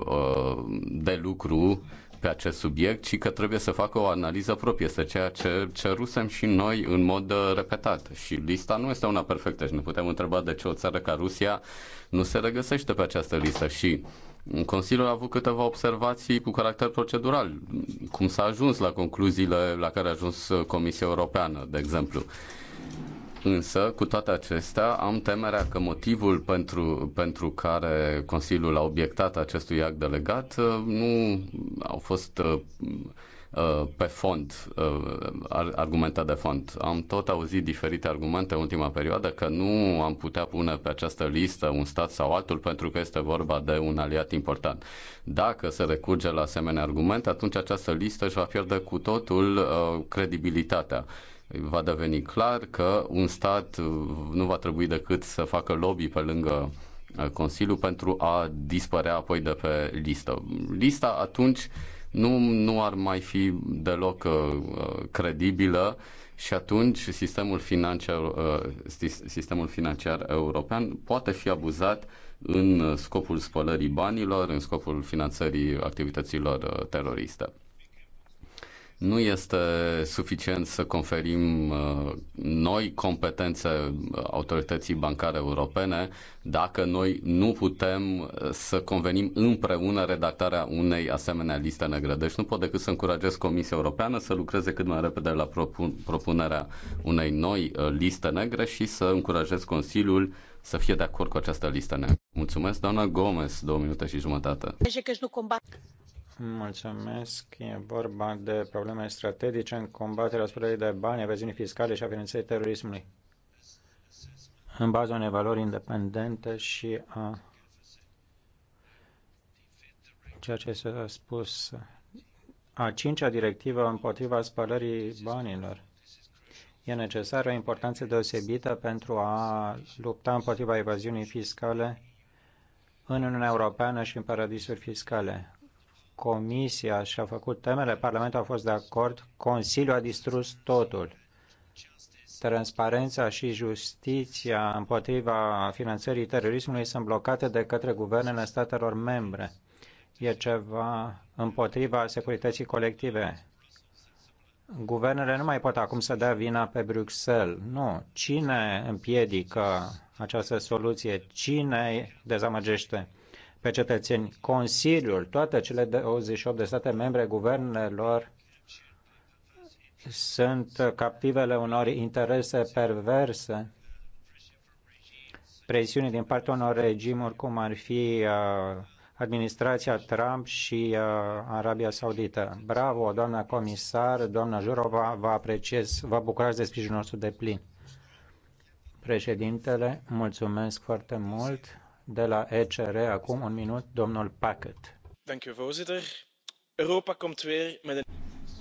de lucru pe acest subiect, ci că trebuie să facă o analiză proprie. Este ceea ce cerusem și noi în mod uh, repetat. Și lista nu este una perfectă și ne putem întreba de ce o țară ca Rusia nu se regăsește pe această listă. Și Consiliul a avut câteva observații cu caracter procedural, cum s-a ajuns la concluziile la care a ajuns uh, Comisia Europeană, de exemplu. Însă, cu toate acestea, am temerea că motivul pentru, pentru care Consiliul a obiectat acestui act delegat uh, nu au fost uh, uh, pe fond, argumentat de fond. Am tot auzit diferite argumente în ultima perioadă că nu am putea pune pe această listă un stat sau altul pentru că este vorba de un aliat important. Dacă se recurge la asemenea argumente, atunci această listă își va pierde cu totul credibilitatea va deveni clar că un stat nu va trebui decât să facă lobby pe lângă uh, Consiliu pentru a dispărea apoi de pe listă. Lista atunci nu, nu ar mai fi deloc uh, credibilă și atunci sistemul financiar, uh, sistemul financiar european poate fi abuzat în scopul spălării banilor, în scopul finanțării activităților teroriste. Nu este suficient să conferim uh, noi competențe autorității bancare europene dacă noi nu putem uh, să convenim împreună redactarea unei asemenea liste negre. Deci nu pot decât să încurajez Comisia Europeană să lucreze cât mai repede la propunerea unei noi uh, liste negre și să încurajez Consiliul să fie de acord cu această listă neagră. Mulțumesc, doamna Gomez, două minute și jumătate. Deci Mulțumesc. E vorba de probleme strategice în combaterea spălării de bani, evaziunii fiscale și a finanțării terorismului. În baza unei valori independente și a ceea ce s-a spus, a cincea directivă împotriva spălării banilor. E necesară o importanță deosebită pentru a lupta împotriva evaziunii fiscale în Uniunea Europeană și în paradisuri fiscale. Comisia și-a făcut temele, Parlamentul a fost de acord, Consiliul a distrus totul. Transparența și justiția împotriva finanțării terorismului sunt blocate de către guvernele statelor membre. E ceva împotriva securității colective. Guvernele nu mai pot acum să dea vina pe Bruxelles. Nu. Cine împiedică această soluție? Cine dezamăgește? pe cetățeni. Consiliul, toate cele 28 de state membre, guvernelor, sunt captivele unor interese perverse, presiuni din partea unor regimuri, cum ar fi uh, administrația Trump și uh, Arabia Saudită. Bravo, doamna comisar, doamna Jurova, vă apreciez, vă bucurați de sprijinul nostru de plin. Președintele, mulțumesc foarte mult de la ECR, acum un minut, domnul Packet.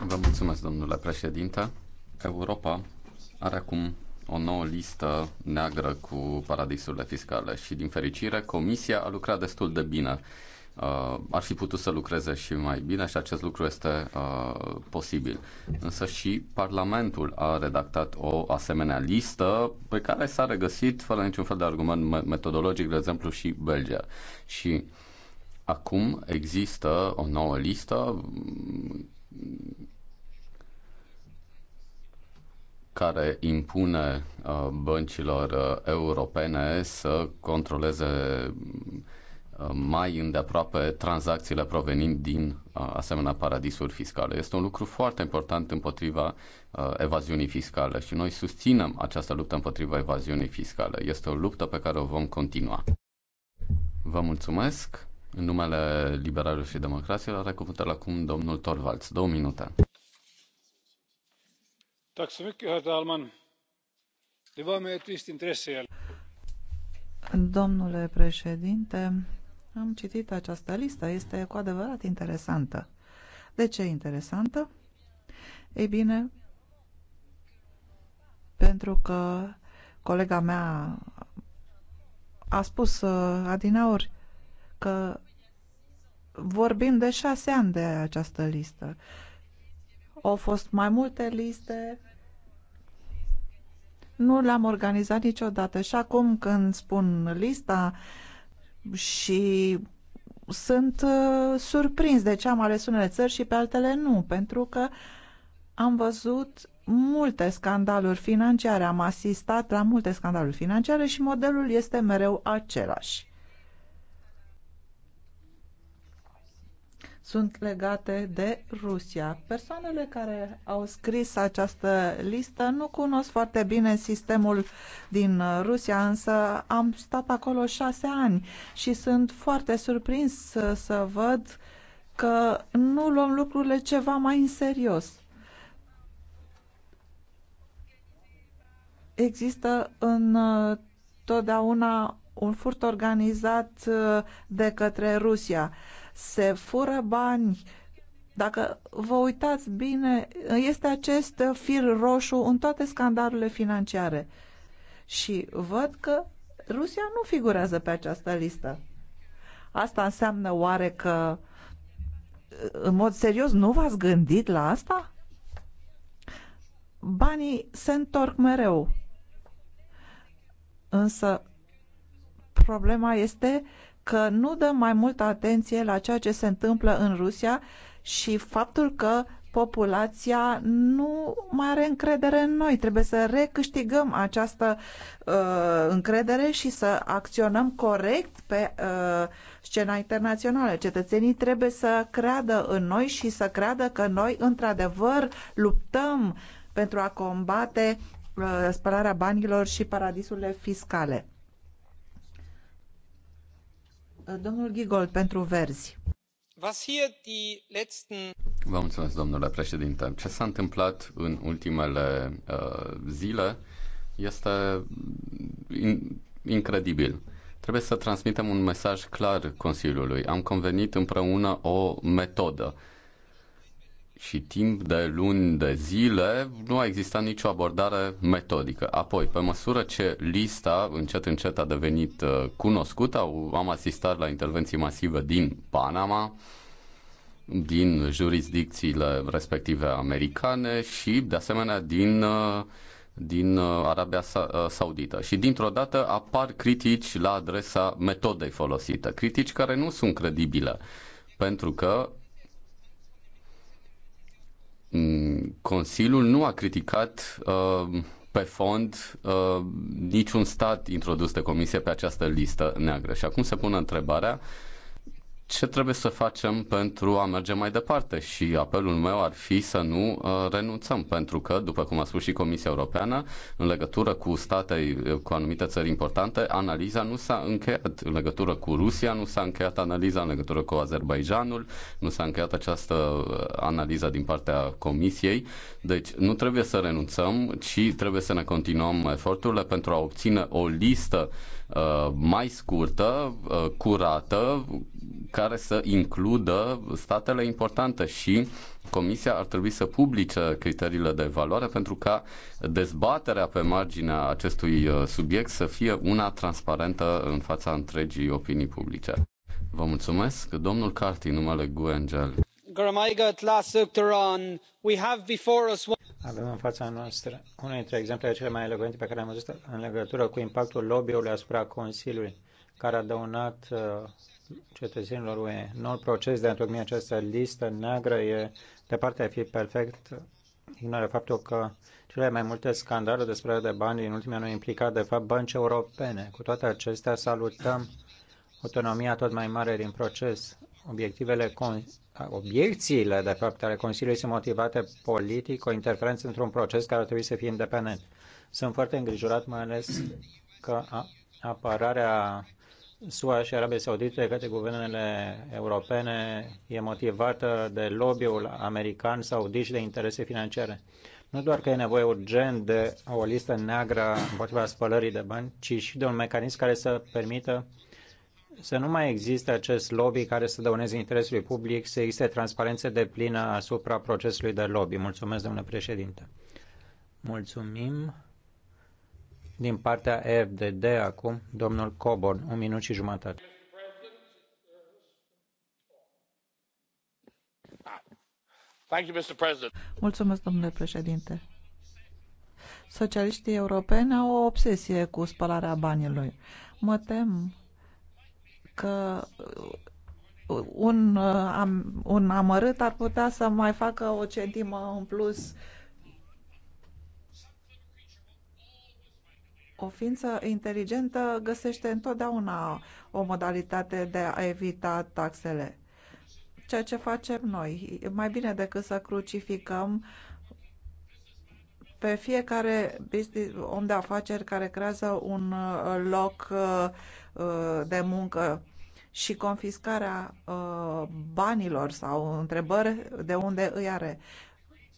Vă mulțumesc, domnule președinte. Europa are acum o nouă listă neagră cu paradisurile fiscale și, din fericire, Comisia a lucrat destul de bine uh, ar fi putut să lucreze și mai bine și acest lucru este uh, posibil. Însă și Parlamentul a redactat o asemenea listă pe care s-a regăsit fără niciun fel de argument metodologic, de exemplu și Belgia. Și acum există o nouă listă mm, care impune uh, băncilor uh, europene să controleze mm, mai îndeaproape tranzacțiile provenind din asemenea paradisuri fiscale. Este un lucru foarte important împotriva evaziunii fiscale și noi susținem această luptă împotriva evaziunii fiscale. Este o luptă pe care o vom continua. Vă mulțumesc. În numele Liberalilor și Democraților are cuvântul acum domnul Torvalds. Două minute. Domnule președinte, am citit această listă, este cu adevărat interesantă. De ce interesantă? Ei bine, pentru că colega mea a spus uh, adinaori că vorbim de șase ani de această listă. Au fost mai multe liste, nu le am organizat niciodată și acum când spun lista, uh, și sunt uh, surprins de ce am ales unele țări și pe altele nu, pentru că am văzut multe scandaluri financiare, am asistat la multe scandaluri financiare și modelul este mereu același. sunt legate de Rusia. Persoanele care au scris această listă nu cunosc foarte bine sistemul din Rusia, însă am stat acolo șase ani și sunt foarte surprins să, să văd că nu luăm lucrurile ceva mai în serios. Există în uh, totdeauna un furt organizat uh, de către Rusia se fură bani. Dacă vă uitați bine, este acest fir roșu în toate scandalurile financiare. Și văd că Rusia nu figurează pe această listă. Asta înseamnă oare că în mod serios nu v-ați gândit la asta? Banii se întorc mereu. Însă problema este că nu dăm mai multă atenție la ceea ce se întâmplă în Rusia și faptul că populația nu mai are încredere în noi. Trebuie să recâștigăm această uh, încredere și să acționăm corect pe uh, scena internațională. Cetățenii trebuie să creadă în noi și să creadă că noi, într-adevăr, luptăm pentru a combate uh, spălarea banilor și paradisurile fiscale. Domnul Gigol, pentru Verzi. Vă mulțumesc, domnule președinte. Ce s-a întâmplat în ultimele uh, zile este in, incredibil. Trebuie să transmitem un mesaj clar Consiliului. Am convenit împreună o metodă și timp de luni de zile nu a existat nicio abordare metodică. Apoi, pe măsură ce lista încet încet a devenit uh, cunoscută, am asistat la intervenții masive din Panama, din jurisdicțiile respective americane și, de asemenea, din, uh, din uh, Arabia Saudită. Și, dintr-o dată, apar critici la adresa metodei folosite, critici care nu sunt credibile, pentru că Mm, Consiliul nu a criticat uh, pe fond uh, niciun stat introdus de comisie pe această listă neagră. Și acum se pune întrebarea ce trebuie să facem pentru a merge mai departe și apelul meu ar fi să nu uh, renunțăm, pentru că, după cum a spus și Comisia Europeană, în legătură cu state, cu anumite țări importante, analiza nu s-a încheiat. În legătură cu Rusia nu s-a încheiat analiza, în legătură cu Azerbaijanul nu s-a încheiat această uh, analiză din partea Comisiei. Deci nu trebuie să renunțăm, ci trebuie să ne continuăm eforturile pentru a obține o listă Uh, mai scurtă, uh, curată, care să includă statele importante și Comisia ar trebui să publice criteriile de evaluare pentru ca dezbaterea pe marginea acestui uh, subiect să fie una transparentă în fața întregii opinii publice. Vă mulțumesc. Domnul Carti, numele Guengel. Avem în fața noastră unul dintre exemplele cele mai elegante pe care am văzut în legătură cu impactul lobby-ului asupra Consiliului, care a dăunat uh, cetățenilor UE. Noul proces de a întocmi această listă neagră e departe a fi perfect, ignoră faptul că cele mai multe scandaluri despre de bani din ultimii ani au implicat, de fapt, bănci europene. Cu toate acestea, salutăm autonomia tot mai mare din proces obiectivele, obiecțiile, de fapt, ale Consiliului sunt motivate politic, o interferență într-un proces care ar trebui să fie independent. Sunt foarte îngrijorat, mai ales că apărarea SUA și Arabia Saudită de către guvernele europene e motivată de lobby-ul american sau și de interese financiare. Nu doar că e nevoie urgent de o listă neagră împotriva spălării de bani, ci și de un mecanism care să permită uh, să nu mai existe acest lobby care să dăuneze interesului public, să existe transparență de plină asupra procesului de lobby. Mulțumesc, domnule președinte. Mulțumim. Din partea FDD acum, domnul Coborn, un minut și jumătate. Mulțumesc, domnule președinte. Socialiștii europeni au o obsesie cu spălarea banilor. Mă tem că un, am, un amărât ar putea să mai facă o centimă în plus. O ființă inteligentă găsește întotdeauna o modalitate de a evita taxele. Ceea ce facem noi, mai bine decât să crucificăm pe fiecare om de afaceri care creează un loc uh, Uh, de muncă și confiscarea uh, banilor sau întrebări de unde îi are.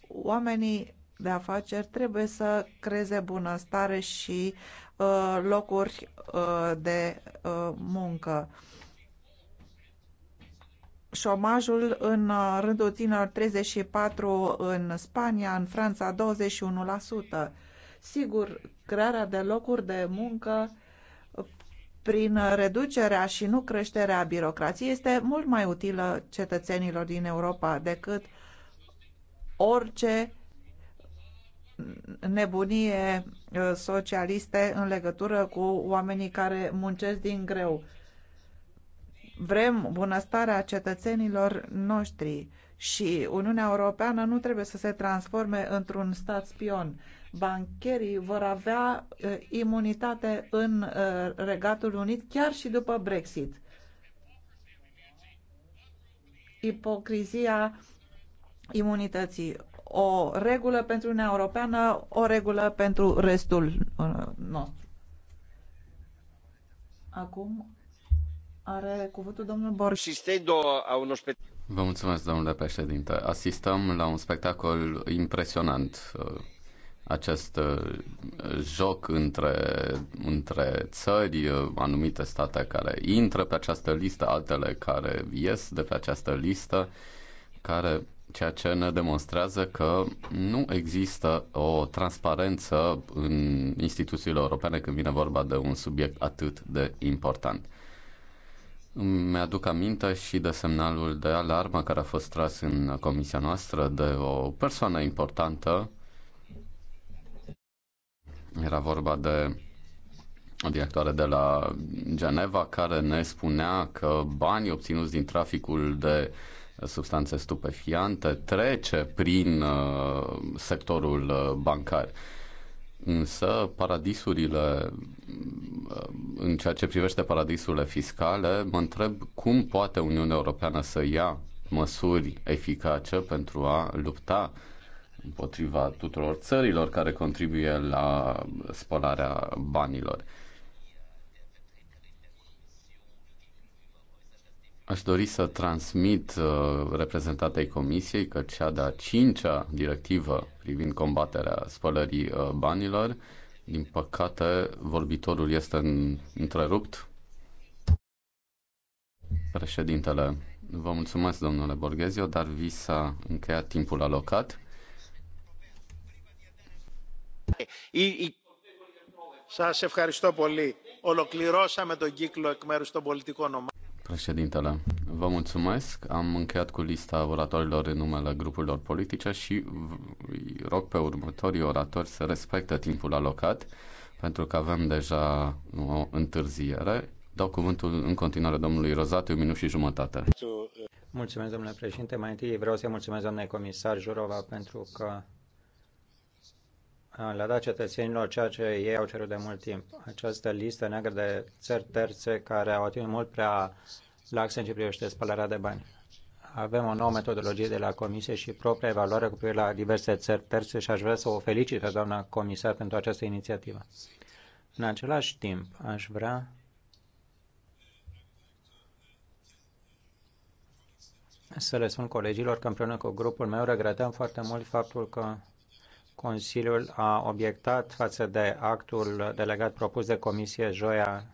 Oamenii de afaceri trebuie să creeze bunăstare și uh, locuri de muncă șomajul în rândul tinerilor 34 în Spania, în Franța 21%. Sigur, crearea de locuri de muncă prin reducerea și nu creșterea birocrației este mult mai utilă cetățenilor din Europa decât orice nebunie uh, socialiste în legătură cu oamenii care muncesc din greu. Vrem bunăstarea cetățenilor noștri și Uniunea Europeană nu trebuie să se transforme într-un stat spion bancherii vor avea uh, imunitate în uh, Regatul Unit chiar și după Brexit. Ipocrizia imunității. O regulă pentru Uniunea Europeană, o regulă pentru restul uh, nostru. Acum are cuvântul domnul Borș. Vă mulțumesc, domnule președinte. Asistăm la un spectacol impresionant acest uh, joc între, între țări, uh, anumite state care intră pe această listă, altele care ies de pe această listă, care ceea ce ne demonstrează că nu există o transparență în instituțiile europene când vine vorba de un subiect atât de important. mi aduc aminte și de semnalul de alarmă care a fost tras în comisia noastră de o persoană importantă era vorba de o directoare de la Geneva care ne spunea că banii obținuți din traficul de substanțe stupefiante trece prin uh, sectorul uh, bancar. Însă paradisurile, uh, în ceea ce privește paradisurile fiscale, mă întreb cum poate Uniunea Europeană să ia măsuri eficace pentru a lupta împotriva tuturor țărilor care contribuie la spălarea banilor. Aș dori să transmit uh, reprezentatei Comisiei că cea de-a cincea directivă privind combaterea spălării uh, banilor, din păcate, vorbitorul este întrerupt. Președintele, vă mulțumesc, domnule Borghezio, dar vi s-a încheiat timpul alocat. Președintele, vă mulțumesc. Am încheiat cu lista oratorilor în numele grupurilor politice și îi rog pe următorii oratori să respecte timpul alocat, pentru că avem deja o întârziere. Dau cuvântul în continuare domnului Rozate, un minut și jumătate. Mulțumesc, domnule președinte. Mai întâi vreau să mulțumesc, doamne comisar Jurova, pentru că le-a dat cetățenilor ceea ce ei au cerut de mult timp. Această listă neagră de țări terțe care au atins mult prea laxe în ce privește spălarea de bani. Avem o nouă metodologie de la Comisie și propria evaluare cu privire la diverse țări terțe și aș vrea să o felicit pe doamna comisar pentru această inițiativă. În același timp, aș vrea să le spun colegilor că împreună cu grupul meu regretăm foarte mult faptul că Consiliul a obiectat față de actul delegat propus de Comisie joia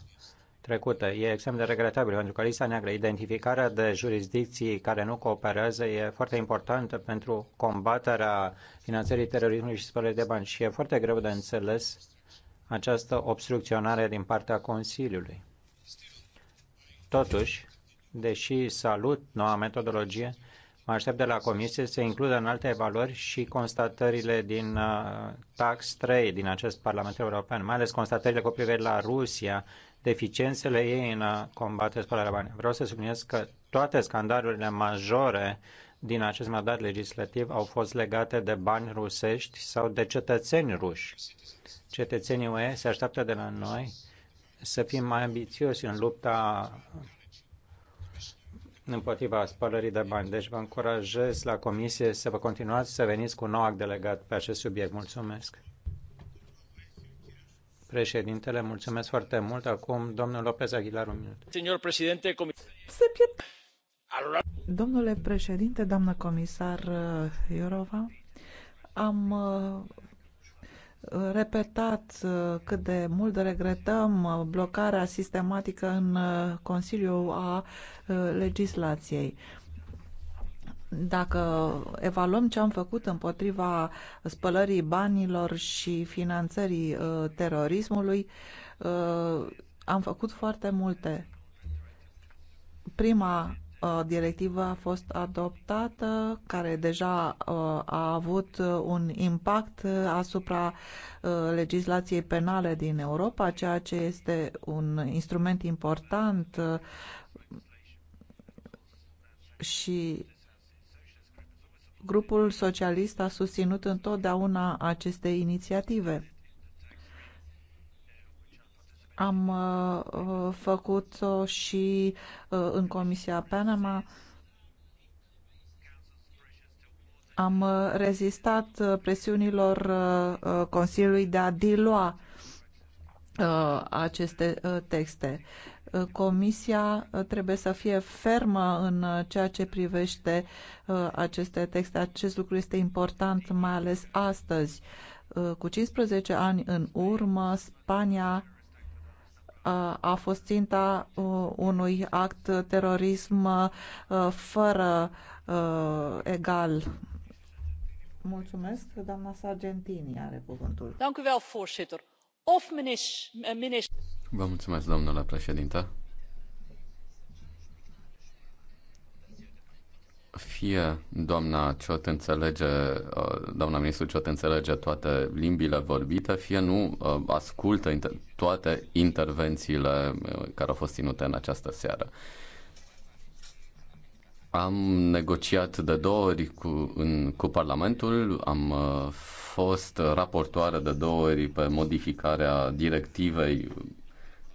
trecută. E extrem de regretabil pentru că lista neagră, identificarea de jurisdicții care nu cooperează e foarte importantă pentru combaterea finanțării terorismului și spălării de bani și e foarte greu de înțeles această obstrucționare din partea Consiliului. Totuși, deși salut noua metodologie, Mă aștept de la Comisie să includă în alte evaluări și constatările din Tax uh, 3 din acest Parlament European, mai ales constatările cu privire la Rusia, deficiențele ei în a uh, combate spălarea banii. Vreau să subliniez că toate scandalurile majore din acest mandat legislativ au fost legate de bani rusești sau de cetățeni ruși. Cetățenii UE se așteaptă de la noi să fim mai ambițioși în lupta împotriva spălării de bani. Deci vă încurajez la comisie să vă continuați să veniți cu un nou act delegat pe acest subiect. Mulțumesc. Președintele, mulțumesc foarte mult. Acum, domnul Lopez Aguilar, un minut. președinte, Domnule președinte, doamnă comisar uh, Iorova, am uh, repetat uh, cât de mult de regretăm uh, blocarea sistematică în uh, Consiliu a legislației. Dacă evaluăm ce am făcut împotriva spălării banilor și finanțării terorismului, am făcut foarte multe. Prima Uh, directivă a fost adoptată, care deja uh, a avut un impact uh, asupra legislației penale din Europa, ceea ce este un instrument important și grupul socialist a susținut întotdeauna aceste inițiative. Am uh, uh, făcut-o și uh, în Comisia Panama. Am uh, rezistat uh, presiunilor uh, uh, Consiliului de a dilua uh, aceste uh, texte. comisia trebuie să fie fermă în ceea ce privește uh, aceste texte. Acest lucru este important, mai ales astăzi. Uh, cu 15 ani în urmă, Spania a fost ținta uh, unui act terorism uh, fără uh, egal. Mulțumesc, doamna Sargentini are cuvântul. Eh, Vă mulțumesc, domnule președintă. fie doamna Ciot înțelege, uh, doamna ministru Ciot înțelege toate limbile vorbite, fie nu uh, ascultă inter- toate intervențiile uh, care au fost ținute în această seară. Am negociat de două ori cu, în, cu Parlamentul, am fost raportoare de două ori pe modificarea directivei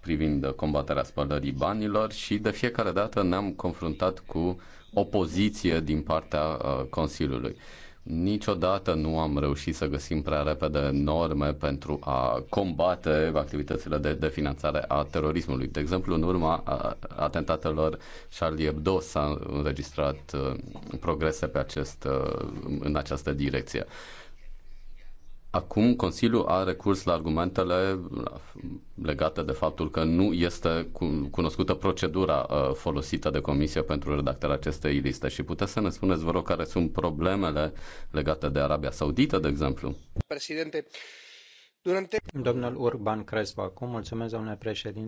privind combaterea spălării banilor și de fiecare dată ne-am confruntat cu opoziție din partea uh, Consiliului. Niciodată nu am reușit să găsim prea repede norme pentru a combate activitățile de, de finanțare a terorismului. De exemplu, în urma uh, atentatelor Charlie Hebdo s-a înregistrat uh, progrese pe acest, în această direcție. Acum Consiliul a recurs la argumentele legate de faptul că nu este cunoscută procedura uh, folosită de Comisie pentru redactarea acestei liste și puteți să ne spuneți, vă rog, care sunt problemele legate de Arabia Saudită, de exemplu? Președinte, Durante... Domnul Urban Crespo, acum mulțumesc, domnule președinte.